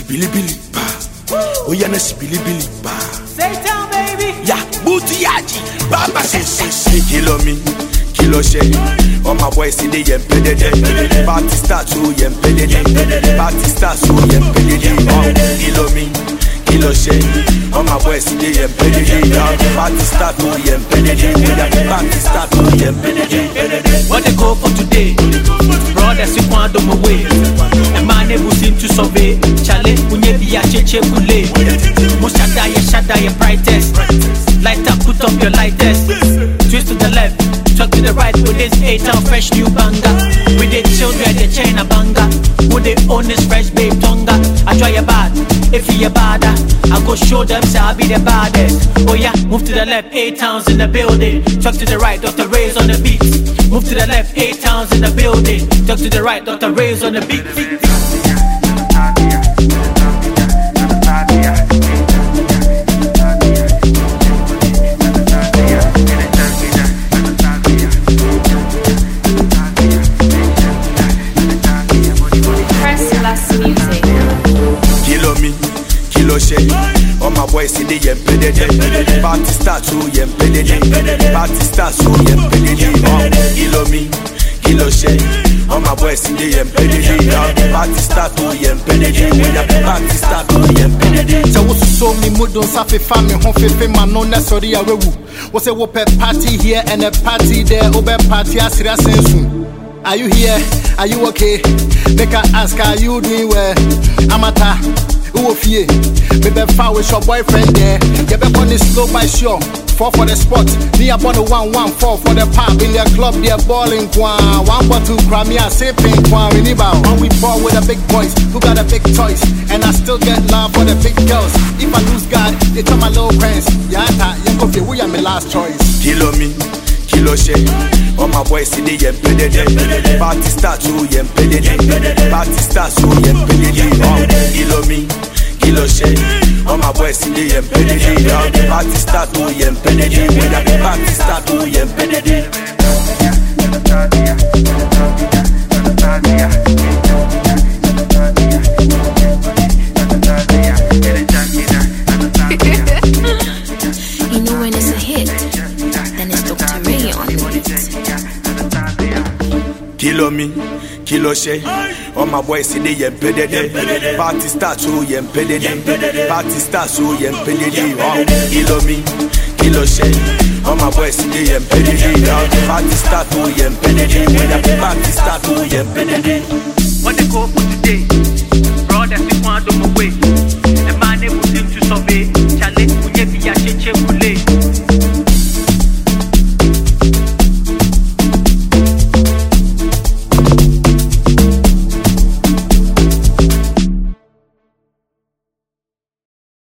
shibilibili pa ó yẹ náà shibilibili pa. satan baby. ya bùtù yáàjì bàbá ṣe ṣe ṣe kí lọ mi kí lọ ṣe all my boys dey yẹn pẹ́dẹ́dẹ́ batista tó yẹn pẹ́dẹ́dẹ́ batista tó yẹn pẹ́dẹ́dẹ́ kí lọ mi kilo lọ ṣe all my boys dey yẹn pẹ́dẹ́dẹ́ batista tó yẹn pẹ́dẹ́dẹ́ batista tó yẹn pẹ́dẹ́dẹ́. wọ́n dey go for today brothers you wan do my way. survey chale unye bi acheche kule mo shada shada ye brightest lighter put up your lightest twist to the left talk to the right with this eight town fresh new banger with the children the china banger with the this fresh babe tonga i try your bad if you your bad i go show them say i be the baddest oh yeah move to the left eight towns in the building talk to the right dr rays on the beat move to the left eight towns in the building talk to the right dr rays on the beat That's music. Kilo mi, kilo sheyi. All my boys say they yempedede. Party start to yempedede. Party start to yempedede. Oh, kilo mi, kilo sheyi. All my boys in the MPDD Party start to MPDD When the party start to MPDD Sɛ wo soso mi mu don safefa mi ho fefe ma no na sɔre awewu Wo sɛ wo pɛ party here and a party there Wo bɛ party asere asɛn sun Are you here? Are you okay? Make her ask, are you doing well? Amata, who of ye? Maybe far with your boyfriend there. You be on the slow by sure. Four for the spot. Me upon the one one four for the pop in their club. They're balling one. One for two Crimea I one. We need out. And we ball with the big boys who got a big toys. And I still get love for the big girls. If I lose God, they tell my little friends. Yata, you go feel we are my last choice. Kill me. mi lọ́ṣẹ́ all my boys dey yẹn pédédé Batista tún yẹn pédédé Batista tún yẹn pédédé kí ló mi kí ló ṣe all my boys dey yẹn pédédé Batista tún yẹn pédédé start, tún yẹn pédédé. kilo mi kilo ṣe all my boys dey yẹn pẹdẹdẹ party start, so oh, yẹn pẹdẹdẹ party start, so yẹn pẹdẹdẹ kilo mi kilo ṣe all my boys dey yẹn pẹdẹdẹ party start, so yẹn pẹdẹdẹ party start, so oh, yẹn pẹdẹdẹ. wọ́n dé kó o today.